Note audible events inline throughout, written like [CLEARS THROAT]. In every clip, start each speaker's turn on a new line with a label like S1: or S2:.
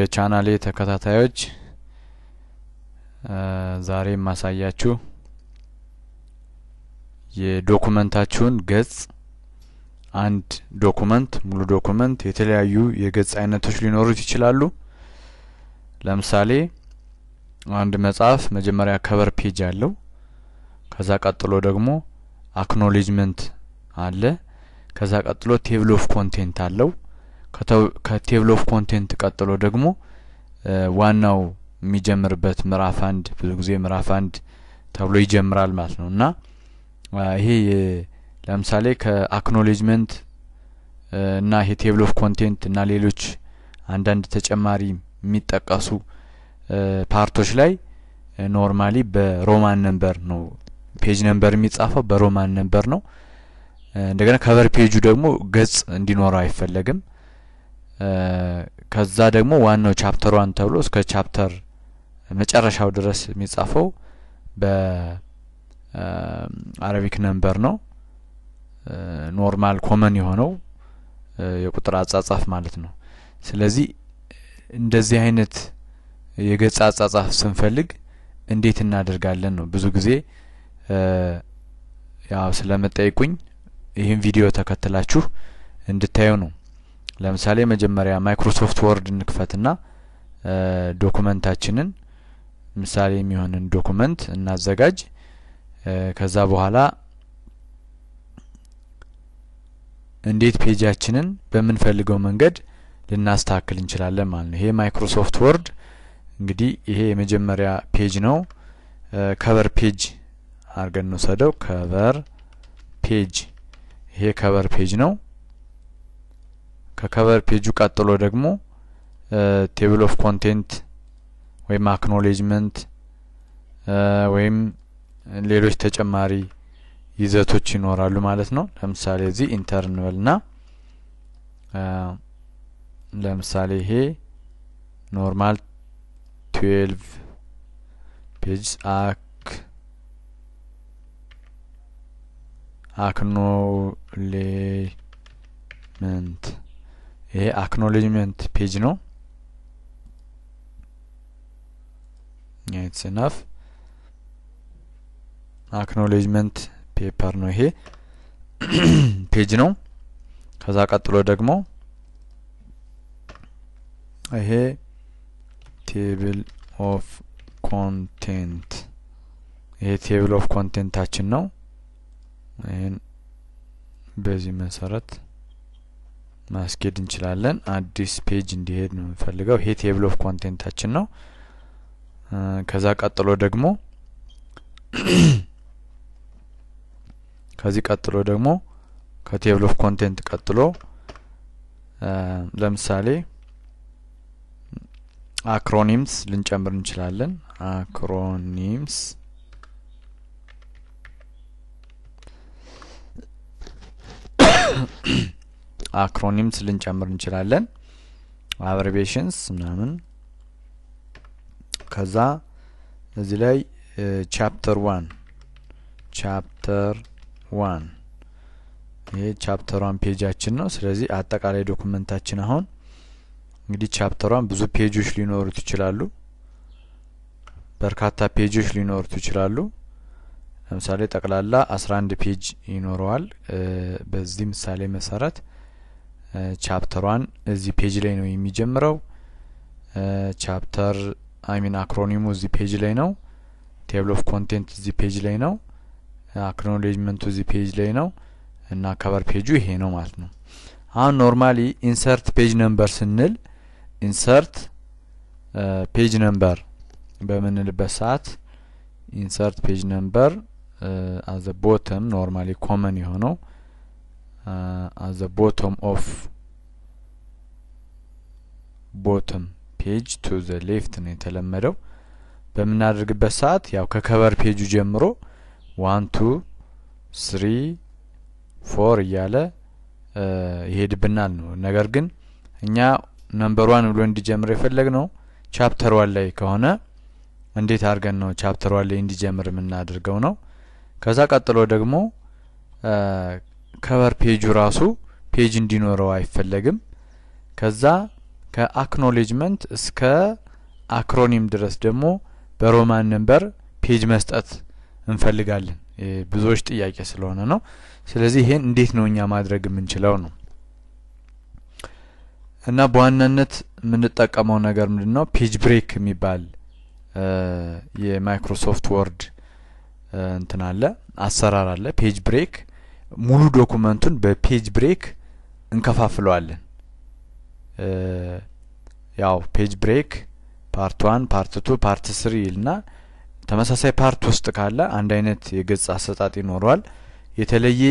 S1: የቻናሌ ተከታታዮች ዛሬ የማሳያችሁ የዶኩመንታችሁን ገጽ አንድ ዶኩመንት ሙሉ ዶኩመንት የተለያዩ የገጽ አይነቶች ሊኖሩት ይችላሉ። ለምሳሌ አንድ መጽሐፍ መጀመሪያ ከቨር ፔጅ አለው። ከዛ ቀጥሎ ደግሞ አክኖሌጅመንት አለ። ከዛ ቀጥሎ ቴብል ኦፍ ኮንቴንት አለው። ከቴብል ኦፍ ኮንቴንት ቀጥሎ ደግሞ ዋናው የሚጀምርበት ምዕራፍ አንድ ብዙ ጊዜ ምዕራፍ አንድ ተብሎ ይጀምራል ማለት ነው እና ይሄ ለምሳሌ ከአክኖሌጅመንት እና ይሄ ቴብል ኦፍ ኮንቴንት እና ሌሎች አንዳንድ ተጨማሪ የሚጠቀሱ ፓርቶች ላይ ኖርማሊ በሮማን ነንበር ነው ፔጅ ነንበር የሚጻፈው በሮማን ነንበር ነው። እንደገና ከቨር ፔጁ ደግሞ ገጽ እንዲኖረው አይፈለግም። ከዛ ደግሞ ዋናው ቻፕተር ዋን ተብሎ እስከ ቻፕተር መጨረሻው ድረስ የሚጻፈው በአረቢክ ነምበር ነው። ኖርማል ኮመን የሆነው የቁጥር አጻጻፍ ማለት ነው። ስለዚህ እንደዚህ አይነት የገጽ አጻጻፍ ስንፈልግ እንዴት እናደርጋለን ነው። ብዙ ጊዜ ያው ስለመጠይቁኝ ይህን ቪዲዮ ተከትላችሁ እንድታዩ ነው። ለምሳሌ መጀመሪያ ማይክሮሶፍት ወርድ እንክፈትና ዶኩመንታችንን ምሳሌ የሚሆንን ዶኩመንት እናዘጋጅ። ከዛ በኋላ እንዴት ፔጃችንን በምንፈልገው መንገድ ልናስተካክል እንችላለን ማለት ነው። ይሄ ማይክሮሶፍት ወርድ እንግዲህ ይሄ የመጀመሪያ ፔጅ ነው። ከቨር ፔጅ አድርገን እንውሰደው። ከቨር ፔጅ ይሄ ከቨር ፔጅ ነው። ከከቨር ፔጁ ቀጥሎ ደግሞ ቴብል ኦፍ ኮንቴንት ወይም አክኖሌጅመንት ወይም ሌሎች ተጨማሪ ይዘቶች ይኖራሉ ማለት ነው። ለምሳሌ እዚህ ኢንተር ና ለምሳሌ ይሄ ኖርማል ትዌልቭ ፔጅ አክ አክኖሌጅመንት ይሄ አክኖሌጅመንት ፔጅ ነው ኢትስ ኢናፍ አክኖሌጅመንት ፔፐር ነው ይሄ [CLEARS THROAT] ፔጅ ነው ከዛ ቀጥሎ ደግሞ ይሄ ቴብል ኦፍ ኮንቴንት ይሄ ቴብል ኦፍ ኮንቴንታችን ነው ይህን በዚህ መሰረት ማስኬድ እንችላለን። አዲስ ፔጅ እንዲሄድ ነው የምንፈልገው። ይሄ ቴብል ኦፍ ኮንቴንታችን ነው። ከዛ ቀጥሎ ደግሞ [CLEARS THROAT] ከዚህ ቀጥሎ ደግሞ ከቴብል ኦፍ ኮንቴንት ቀጥሎ ለምሳሌ አክሮኒምስ ልንጨምር እንችላለን። አክሮኒምስ አክሮኒምስ ልንጨምር እንችላለን አብሬቬሽንስ ምናምን ከዛ እዚህ ላይ ቻፕተር ዋን ቻፕተር ዋን ይሄ ቻፕተር ዋን ፔጃችን ነው። ስለዚህ አጠቃላይ ዶክመንታችን አሁን እንግዲህ ቻፕተር ዋን ብዙ ፔጆች ሊኖሩት ይችላሉ። በርካታ ፔጆች ሊኖሩት ይችላሉ። ለምሳሌ ጠቅላላ 11 ፔጅ ይኖረዋል። በዚህ ምሳሌ መሰረት ቻፕተሯን እዚህ ፔጅ ላይ ነው የሚጀምረው። ቻፕተር አይሚን አክሮኒሙ እዚህ ፔጅ ላይ ነው። ቴብል ኦፍ ኮንቴንት እዚህ ፔጅ ላይ ነው። አክኖሌጅመንቱ እዚህ ፔጅ ላይ ነው እና ከበር ፔጁ ይሄ ነው ማለት ነው። አሁን ኖርማሊ ኢንሰርት ፔጅ ነምበር ስንል ኢንሰርት ፔጅ ነምበር በምንልበት ሰዓት ኢንሰርት ፔጅ ነምበር አዘ ቦተም ኖርማሊ ኮመን የሆነው uh, at the bottom of bottom ፔጅ ቱ ዘ ሌፍት ነው የተለመደው። በምናደርግበት ሰዓት ያው ከከቨር ፔጁ ጀምሮ ዋን ቱ ስሪ ፎር እያለ uh, ይሄድብናል ነው። ነገር ግን እኛ ነምበር ዋን ብሎ እንዲጀምር የፈለግ ነው ቻፕተር ዋን ላይ ከሆነ እንዴት አድርገን ነው ቻፕተር ዋን ላይ እንዲጀምር የምናደርገው ነው። ከዛ ቀጥሎ ደግሞ uh, ከቨር ፔጁ ራሱ ፔጅ እንዲኖረው አይፈለግም። ከዛ ከአክኖሌጅመንት እስከ አክሮኒም ድረስ ደግሞ በሮማን ነንበር ፔጅ መስጠት እንፈልጋለን። ብዙዎች ጥያቄ ስለሆነ ነው። ስለዚህ ይሄን እንዴት ነው እኛ ማድረግ የምንችለው ነው እና በዋናነት የምንጠቀመው ነገር ምንድን ነው? ፔጅ ብሬክ የሚባል የማይክሮሶፍት ወርድ እንትን አለ አሰራር አለ ፔጅ ብሬክ ሙሉ ዶኩመንቱን በፔጅ ብሬክ እንከፋፍለዋለን። ያው ፔጅ ብሬክ ፓርት ዋን ፓርት ቱ ፓርት ስሪ ይልና ተመሳሳይ ፓርት ውስጥ ካለ አንድ አይነት የገጽ አሰጣጥ ይኖረዋል። የተለየ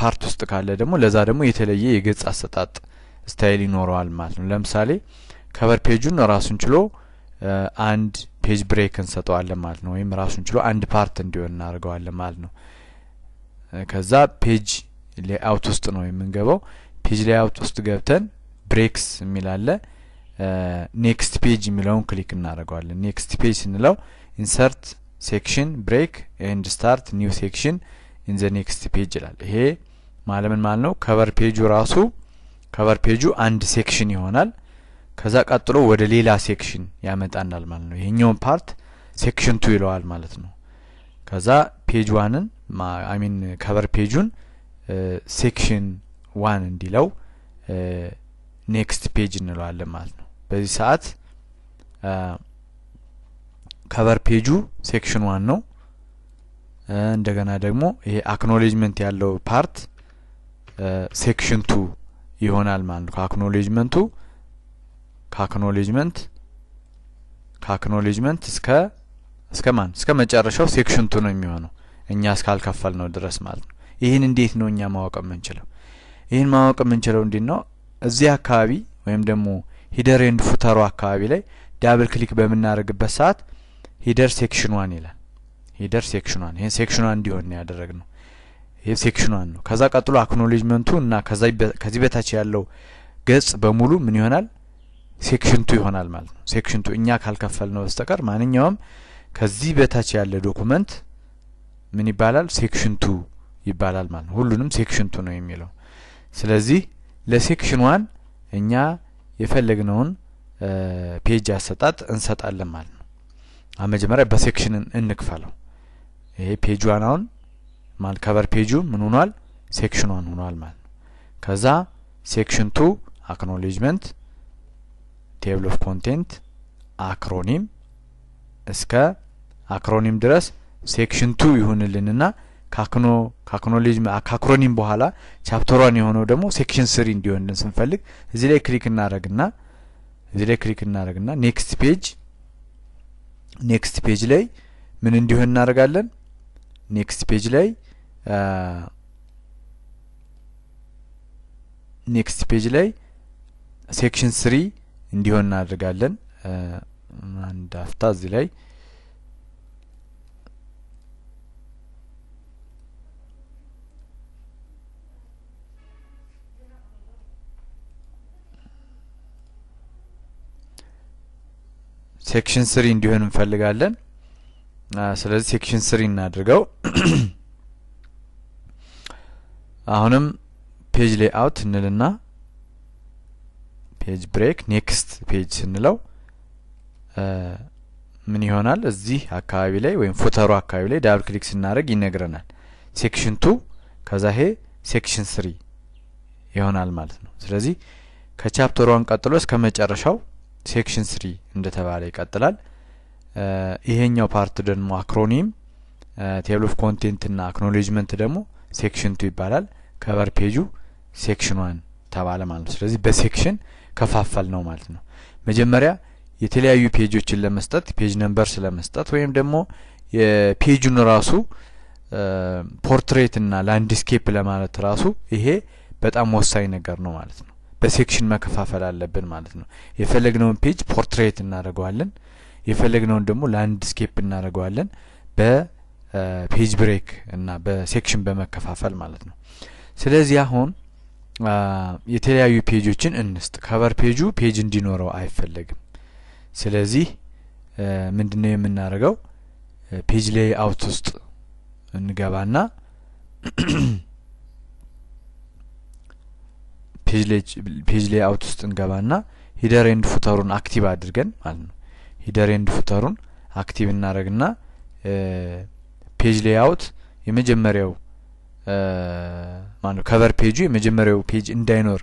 S1: ፓርት ውስጥ ካለ ደግሞ ለዛ ደግሞ የተለየ የገጽ አሰጣጥ ስታይል ይኖረዋል ማለት ነው። ለምሳሌ ከቨር ፔጁን ራሱን ችሎ አንድ ፔጅ ብሬክ እንሰጠዋለን ማለት ነው። ወይም ራሱን ችሎ አንድ ፓርት እንዲሆን እናደርገዋለን ማለት ነው። ከዛ ፔጅ ሌአውት ውስጥ ነው የምንገባው። ፔጅ ሌአውት ውስጥ ገብተን ብሬክስ የሚላለ ኔክስት ፔጅ የሚለውን ክሊክ እናደርገዋለን። ኔክስት ፔጅ ስንለው ኢንሰርት ሴክሽን ብሬክ ኤንድ ስታርት ኒው ሴክሽን ኢን ዘ ኔክስት ፔጅ ይላል። ይሄ ማለምን ማለት ነው። ከቨር ፔጁ ራሱ ከቨር ፔጁ አንድ ሴክሽን ይሆናል። ከዛ ቀጥሎ ወደ ሌላ ሴክሽን ያመጣናል ማለት ነው። ይሄኛውን ፓርት ሴክሽን ቱ ይለዋል ማለት ነው። ከዛ ፔጅ ዋንን ከቨር ፔጁን ሴክሽን ዋን እንዲለው ኔክስት ፔጅ እንለዋለን ማለት ነው። በዚህ ሰዓት ከቨር ፔጁ ሴክሽን ዋን ነው። እንደገና ደግሞ ይሄ አክኖሌጅመንት ያለው ፓርት ሴክሽን ቱ ይሆናል ማለት ነው። ከአክኖሌጅመንቱ ከአክኖሌጅመንት ከአክኖሌጅመንት እስከ እስከ ማን እስከ መጨረሻው ሴክሽን ቱ ነው የሚሆነው። እኛ እስካልከፈል ነው ድረስ ማለት ነው። ይህን እንዴት ነው እኛ ማወቅ የምንችለው? ይህን ማወቅ የምንችለው እንዲ ነው? እዚህ አካባቢ ወይም ደግሞ ሂደር ኤንድ ፉተሩ አካባቢ ላይ ዳብል ክሊክ በምናደርግበት ሰዓት ሂደር ሴክሽን ዋን ይላል። ሂደር ሴክሽን ዋን ይህን ሴክሽን ዋን እንዲሆን ነው ይህ ሴክሽን ዋን ነው። ከዛ ቀጥሎ አክኖሌጅመንቱ እና ከዚህ በታች ያለው ገጽ በሙሉ ምን ይሆናል? ሴክሽን ቱ ይሆናል ማለት ነው። ሴክሽን ቱ እኛ ነው በስተቀር ማንኛውም ከዚህ በታች ያለ ዶኩመንት ምን ይባላል? ሴክሽን ቱ ይባላል ማለት ነው። ሁሉንም ሴክሽን ቱ ነው የሚለው። ስለዚህ ለሴክሽን ዋን እኛ የፈለግነውን ፔጅ አሰጣጥ እንሰጣለን ማለት ነው። መጀመሪያ በሴክሽን እንክፈለው። ይሄ ፔጅ ዋን አሁን ማለት ከቨር ፔጁ ምን ሆኗል? ሴክሽን ዋን ሆኗል ማለት ነው። ከዛ ሴክሽን ቱ አክኖሌጅመንት፣ ቴብል ኦፍ ኮንቴንት፣ አክሮኒም እስከ አክሮኒም ድረስ ሴክሽን ቱ ይሁንልንና ካክኖ ካክኖሎጂ ካክሮኒም በኋላ ቻፕተር ቻፕተሯን የሆነው ደግሞ ሴክሽን ስሪ እንዲሆንልን ስንፈልግ እዚህ ላይ ክሊክ እናደረግና እዚህ ላይ ክሊክ እናደረግና ኔክስት ፔጅ ኔክስት ፔጅ ላይ ምን እንዲሆን እናደርጋለን? ኔክስት ፔጅ ላይ ኔክስት ፔጅ ላይ ሴክሽን ስሪ እንዲሆን እናደርጋለን። አንድ አፍታ እዚህ ላይ ሴክሽን ስሪ እንዲሆን እንፈልጋለን። ስለዚህ ሴክሽን ስሪ እናድርገው። [CLEARS THROAT] አሁንም ፔጅ ሌአውት እንልና ፔጅ ብሬክ ኔክስት ፔጅ ስንለው ምን ይሆናል? እዚህ አካባቢ ላይ ወይም ፉተሩ አካባቢ ላይ ዳብል ክሊክ ስናደርግ ይነግረናል። ሴክሽን ቱ ከዛ ሄ ሴክሽን ስሪ ይሆናል ማለት ነው። ስለዚህ ከቻፕተር ዋን ቀጥሎ እስከ መጨረሻው ሴክሽን ስሪ እንደተባለ ይቀጥላል። ይሄኛው ፓርት ደግሞ አክሮኒም ቴብል ኦፍ ኮንቴንት እና አክኖሌጅመንት ደግሞ ሴክሽን ቱ ይባላል። ከቨር ፔጁ ሴክሽን ዋን ተባለ ማለት ነው። ስለዚህ በሴክሽን ከፋፈል ነው ማለት ነው። መጀመሪያ የተለያዩ ፔጆችን ለመስጠት ፔጅ ነምበር ስለመስጠት ወይም ደግሞ የፔጁን ራሱ ፖርትሬት እና ላንድስኬፕ ለማለት ራሱ ይሄ በጣም ወሳኝ ነገር ነው ማለት ነው። በሴክሽን መከፋፈል አለብን ማለት ነው። የፈለግነውን ፔጅ ፖርትሬት እናደርገዋለን። የፈለግነውን ደግሞ ላንድስኬፕ እናደርገዋለን በፔጅ ብሬክ እና በሴክሽን በመከፋፈል ማለት ነው። ስለዚህ አሁን የተለያዩ ፔጆችን እንስጥ። ከቨር ፔጁ ፔጅ እንዲኖረው አይፈለግም። ስለዚህ ምንድነው የምናደርገው? ፔጅ ሌይ አውት ውስጥ እንገባና [CLEARS THROAT] ፔጅ ላይ አውት ውስጥ እንገባና ሂደር ኤንድ ፉተሩን አክቲቭ አድርገን ማለት ነው። ሂደር ኤንድ ፉተሩን አክቲቭ እናደረግና ፔጅ ላይ አውት የመጀመሪያው ማለት ከቨር ፔጁ የመጀመሪያው ፔጅ እንዳይኖር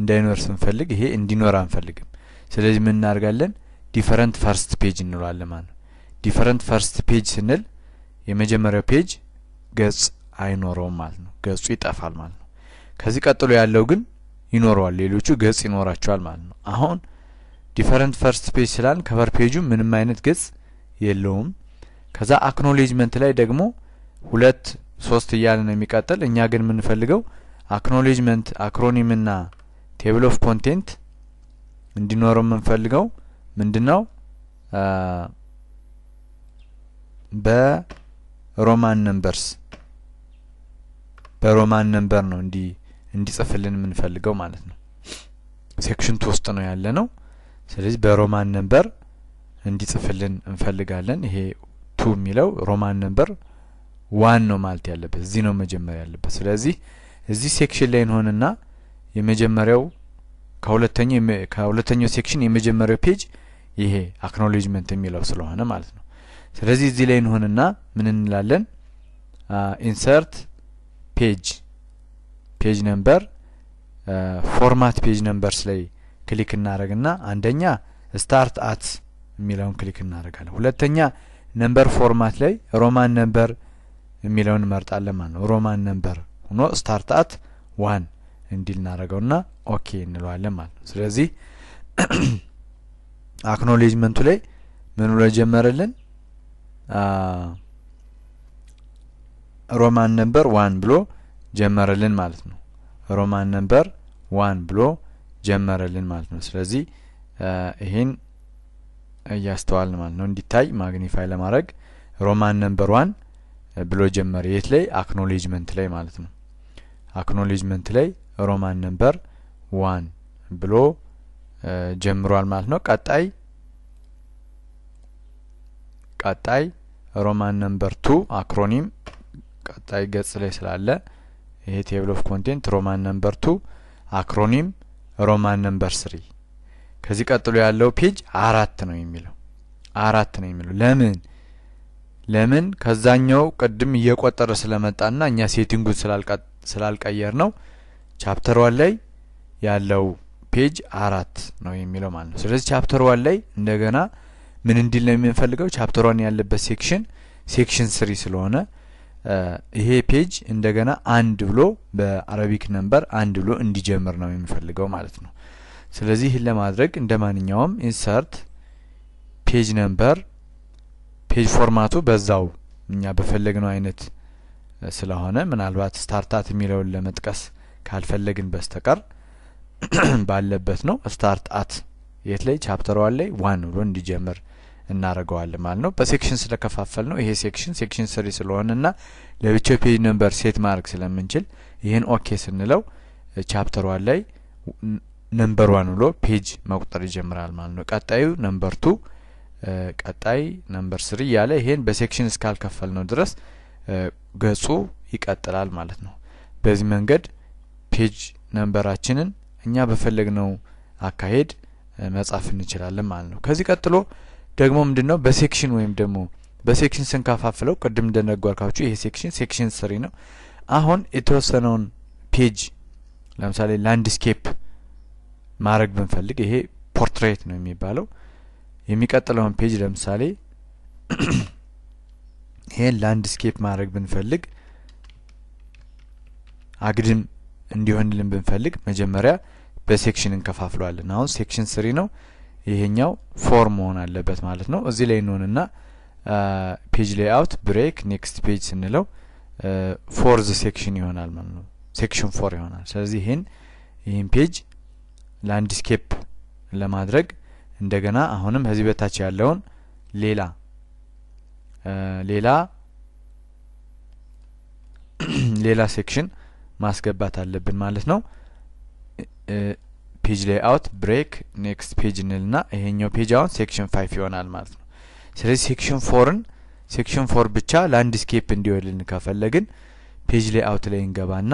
S1: እንዳይኖር ስንፈልግ ይሄ እንዲኖር አንፈልግም። ስለዚህ ምን እናደርጋለን? ዲፈረንት ፈርስት ፔጅ እንለዋለን ማለት ነው። ዲፈረንት ፈርስት ፔጅ ስንል የመጀመሪያው ፔጅ ገጽ አይኖረውም ማለት ነው። ገጹ ይጠፋል ማለት ነው። ከዚህ ቀጥሎ ያለው ግን ይኖረዋል። ሌሎቹ ገጽ ይኖራቸዋል ማለት ነው። አሁን ዲፈረንት ፈርስት ፔጅ ስላል ከቨር ፔጁ ምንም አይነት ገጽ የለውም። ከዛ አክኖሌጅመንት ላይ ደግሞ ሁለት ሶስት እያለ ነው የሚቀጥል። እኛ ግን የምንፈልገው አክኖሌጅመንት አክሮኒምና ቴብል ኦፍ ኮንቴንት እንዲኖረው የምንፈልገው ምንድን ነው? በሮማን ነምበርስ በሮማን ነምበር ነው እንዲህ እንዲጽፍልን የምንፈልገው ማለት ነው። ሴክሽን ቱ ውስጥ ነው ያለ ነው። ስለዚህ በሮማን ነንበር እንዲጽፍልን እንፈልጋለን። ይሄ ቱ የሚለው ሮማን ነንበር ዋን ነው ማለት ያለበት እዚህ ነው መጀመሪያ ያለበት። ስለዚህ እዚህ ሴክሽን ላይ እንሆንና የመጀመሪያው ከሁለተኛው ከሁለተኛው ሴክሽን የመጀመሪያው ፔጅ ይሄ አክኖሌጅመንት የሚለው ስለሆነ ማለት ነው። ስለዚህ እዚህ ላይ እንሆንና ምን እንላለን ኢንሰርት ፔጅ ፔጅ ነምበር ፎርማት ፔጅ ነምበርስ ላይ ክሊክ እናደረግና አንደኛ ስታርት አት የሚለውን ክሊክ እናደረጋለን። ሁለተኛ ነምበር ፎርማት ላይ ሮማን ነምበር የሚለውን እንመርጣለን ማለት ነው። ሮማን ነምበር ሆኖ ስታርት አት ዋን እንዲል እናደረገውና ኦኬ እንለዋለን ማለት ነው። ስለዚህ [CLEARS THROAT] አክኖሌጅመንቱ ላይ ምን ብሎ ጀመረልን? ሮማን ነምበር ዋን ብሎ ጀመረልን ማለት ነው። ሮማን ነምበር ዋን ብሎ ጀመረልን ማለት ነው። ስለዚህ ይሄን እያስተዋልን ማለት ነው። እንዲታይ ማግኒፋይ ለማድረግ ሮማን ነምበር ዋን ብሎ ጀመረ። የት ላይ? አክኖሌጅመንት ላይ ማለት ነው። አክኖሌጅመንት ላይ ሮማን ነምበር ዋን ብሎ ጀምሯል ማለት ነው። ቀጣይ ቀጣይ ሮማን ነምበር ቱ አክሮኒም ቀጣይ ገጽ ላይ ስላለ ይሄ ቴብል ኦፍ ኮንቴንት ሮማን ነምበር ቱ አክሮኒም ሮማን ነምበር ስሪ ከዚህ ቀጥሎ ያለው ፔጅ አራት ነው የሚለው አራት ነው የሚለው ለምን ለምን ከዛኛው ቅድም እየቆጠረ ስለመጣና እኛ ሴቲንጉን ስላልቀየር ነው ቻፕተር ዋን ላይ ያለው ፔጅ አራት ነው የሚለው ማለት ነው። ስለዚህ ቻፕተር ዋን ላይ እንደገና ምን እንዲል ነው የምንፈልገው? ቻፕተር ዋን ያለበት ሴክሽን ሴክሽን ስሪ ስለሆነ ይሄ ፔጅ እንደገና አንድ ብሎ በአረቢክ ነንበር አንድ ብሎ እንዲጀምር ነው የሚፈልገው ማለት ነው። ስለዚህ ይህን ለማድረግ እንደ ማንኛውም ኢንሰርት ፔጅ ነንበር ፔጅ ፎርማቱ በዛው እኛ በፈለግነው አይነት ስለሆነ ምናልባት ስታርታት የሚለውን ለመጥቀስ ካልፈለግን በስተቀር [CLEARS THROAT] ባለበት ነው ስታርት አት የት ላይ ቻፕተሯን ላይ ዋን ብሎ እንዲጀምር እናደርገዋለን ማለት ነው። በሴክሽን ስለከፋፈል ነው። ይሄ ሴክሽን ሴክሽን ስሪ ስለሆነ እና ለብቻው ፔጅ ነምበር ሴት ማድረግ ስለምንችል ይህን ኦኬ ስንለው ቻፕተሯን ላይ ነምበር ዋን ብሎ ፔጅ መቁጠር ይጀምራል ማለት ነው። ቀጣዩ ነምበር ቱ፣ ቀጣይ ነምበር ስሪ እያለ ይሄን በሴክሽን እስካልከፈል ነው ድረስ ገጹ ይቀጥላል ማለት ነው። በዚህ መንገድ ፔጅ ነምበራችንን እኛ በፈለግነው አካሄድ መጻፍ እንችላለን ማለት ነው። ከዚህ ቀጥሎ ደግሞ ምንድነው በሴክሽን ወይም ደግሞ በሴክሽን ስንከፋፍለው ቅድም እንደነጓርካችሁ ይሄ ሴክሽን ሴክሽን ስሪ ነው። አሁን የተወሰነውን ፔጅ ለምሳሌ ላንድስኬፕ ማድረግ ብንፈልግ ይሄ ፖርትሬት ነው የሚባለው። የሚቀጥለውን ፔጅ ለምሳሌ [CLEARS THROAT] ይሄን ላንድስኬፕ ማድረግ ብንፈልግ አግድም እንዲሆንልን ብንፈልግ መጀመሪያ በሴክሽን እንከፋፍለዋለን። አሁን ሴክሽን ስሪ ነው። ይሄኛው ፎር መሆን አለበት ማለት ነው። እዚህ ላይ እንሆንና ፔጅ ሌይአውት ብሬክ ኔክስት ፔጅ ስንለው ፎርዝ ሴክሽን ይሆናል ማለት ነው። ሴክሽን ፎር ይሆናል። ስለዚህ ይህን ይህን ፔጅ ላንድስኬፕ ለማድረግ እንደገና አሁንም ከዚህ በታች ያለውን ሌላ ሌላ ሌላ ሴክሽን ማስገባት አለብን ማለት ነው። ፔጅ ላይ ብሬክ ኔክስት ፔጅ እንልና ይሄኛው ፔጅ አሁን ሴክሽን ፋይቭ ይሆናል ማለት ነው። ስለዚህ ሴክሽን ፎርን ሴክሽን ፎር ብቻ ላንድስኬፕ እንዲሆንልን ከፈለግን ፔጅ ላይ አውት ላይ እንገባና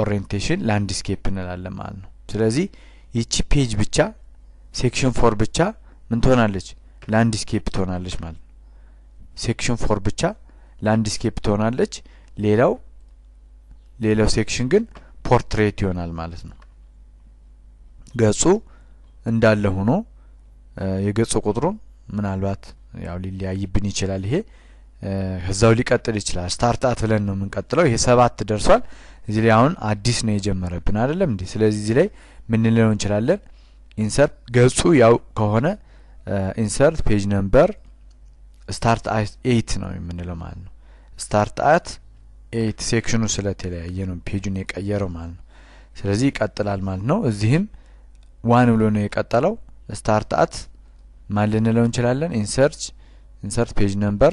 S1: ኦሪየንቴሽን ላንድስኬፕ እንላለን ማለት ነው። ስለዚህ ይቺ ፔጅ ብቻ ሴክሽን ፎር ብቻ ምን ትሆናለች? ላንድስኬፕ ትሆናለች ማለት ነው። ሴክሽን ፎር ብቻ ላንድስኬፕ ትሆናለች። ሌላው ሌላው ሴክሽን ግን ፖርትሬት ይሆናል ማለት ነው። ገጹ እንዳለ ሆኖ የገጹ ቁጥሩም ምናልባት ያው ሊለያይብን ይችላል። ይሄ ከዛው ሊቀጥል ይችላል። ስታርት አት ብለን ነው የምንቀጥለው። ይሄ ሰባት ደርሷል። እዚህ ላይ አሁን አዲስ ነው የጀመረብን አይደለም እንዴ? ስለዚህ እዚህ ላይ ምን ልለው እንችላለን? ኢንሰርት ገጹ ያው ከሆነ ኢንሰርት ፔጅ ነምበር ስታርት አት ኤይት ነው የምንለው ማለት ነው። ስታርት አት ኤይት ሴክሽኑ ስለተለያየ ነው ፔጁን የቀየረው ማለት ነው። ስለዚህ ይቀጥላል ማለት ነው። እዚህም ዋን ብሎ ነው የቀጠለው። ስታርት አት ማን ልንለው እንችላለን? ኢንሰርች ኢንሰርት ፔጅ ነምበር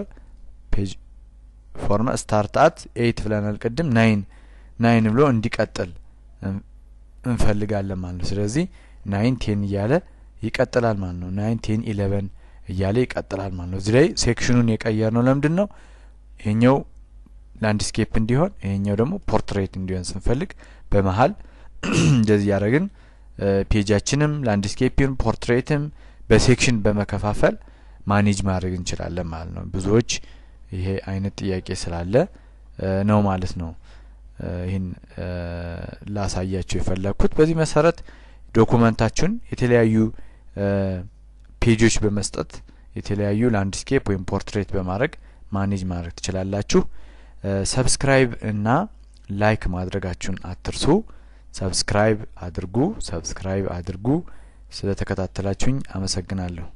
S1: ፔጅ ፎርማ ስታርት አት ኤይት ብለናል ቅድም። ናይን ናይን ብሎ እንዲቀጥል እንፈልጋለን ማለት ነው። ስለዚህ ናይን ቴን እያለ ይቀጥላል ማለት ነው። ናይን ቴን ኢሌቨን እያለ ይቀጥላል ማለት ነው። እዚህ ላይ ሴክሽኑን የቀየር ነው ለምንድን ነው? ይሄኛው ላንድስኬፕ እንዲሆን ይሄኛው ደግሞ ፖርትሬት እንዲሆን ስንፈልግ በመሀል [CLEARS THROAT] እንደዚህ ያደረግን ፔጃችንም ላንድስኬፕም ፖርትሬትም በሴክሽን በመከፋፈል ማኔጅ ማድረግ እንችላለን ማለት ነው። ብዙዎች ይሄ አይነት ጥያቄ ስላለ ነው ማለት ነው ይህን ላሳያቸው የፈለግኩት። በዚህ መሰረት ዶኩመንታችሁን የተለያዩ ፔጆች በመስጠት የተለያዩ ላንድስኬፕ ወይም ፖርትሬት በማድረግ ማኔጅ ማድረግ ትችላላችሁ። ሰብስክራይብ እና ላይክ ማድረጋችሁን አትርሱ። ሰብስክራይብ አድርጉ ሰብስክራይብ አድርጉ። ስለተከታተላችሁኝ አመሰግናለሁ።